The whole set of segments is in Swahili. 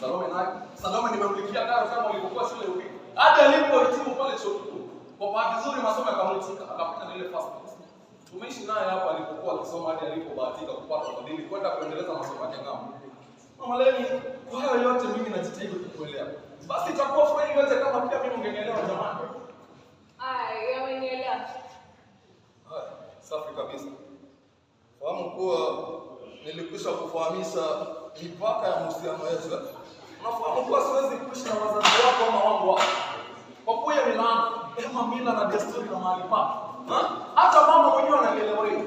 Salome naye. Salome nimemlikia karo kama ulipokuwa shule ya upili. Hadi alipohitimu pale chuo kikuu. Kwa bahati nzuri masomo yakamwitika akapata ile first class. Tumeishi naye hapo alipokuwa akisoma hadi alipobahatika kupata fadhili kwenda kuendeleza masomo yake ng'ambo. Mama Leni, kwa hayo yote mimi najitahidi kukuelewa. Basi itakuwa furahi yote kama pia mimi ungenielewa jamani. Ai, yamenielewa. Safi kabisa. Fahamu kuwa nilikwisha kufahamisha mipaka ya mahusiano yetu. Unafahamu kuwa siwezi kuishi na wazazi wako ama wangu wako, kwa kuwa hiyo ni laana, mila na desturi na mahali pa Hata mama mwenyewe anaelewa hiyo.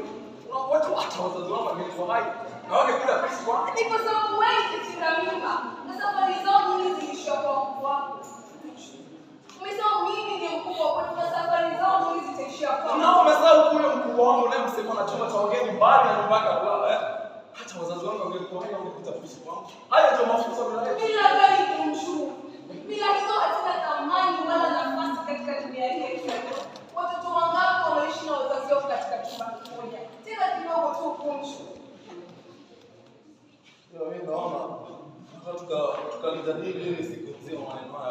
Unakuwetu hata wazazi wako walikuwa hai na wangekula pesa kwa ni kwa sababu wewe kitinda mimba na safari zao nyingi zilishia kwa wako. Umesahau mimi ni mkubwa kwa safari zangu nyingi zitaishia kwa. Na umesahau kule mkubwa wangu leo msema na chumba cha wageni mbali na nyumba yako hata wazazi wangu wangekuwa hai wangekuta kuishi kwangu. Hayo ndio mafunzo ninayo. Bila gari kumjuu, bila hizo hazina thamani wala nafasi katika dunia hii ya kesho. Watoto wangapi wanaishi na wazazi wao katika chumba kimoja, tena kidogo tu kumjuu. Ndio mimi naomba tukajadili hili siku nzima maneno haya.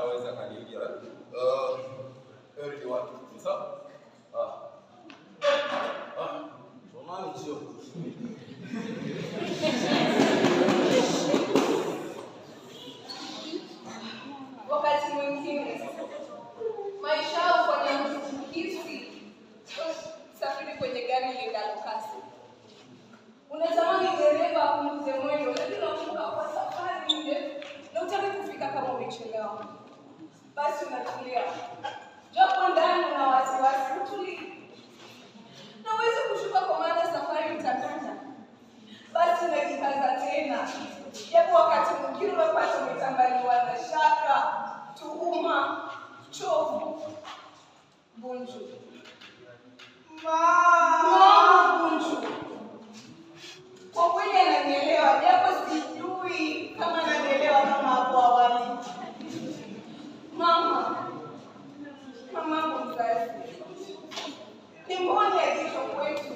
kuchelewa, basi unatulia, japo ndani una wasiwasi, utulie na uweze kushuka, kwa maana safari itakata. Basi unajikaza tena, japo wakati mwingine unapata umetambaliwa na shaka, tuhuma, chovu bunju Kimboni akisho kwetu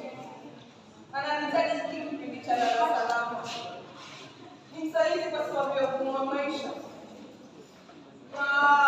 anahitaji hiki kipindi cha salama. Ni msaidizi kwa sababu ya kuuma maisha na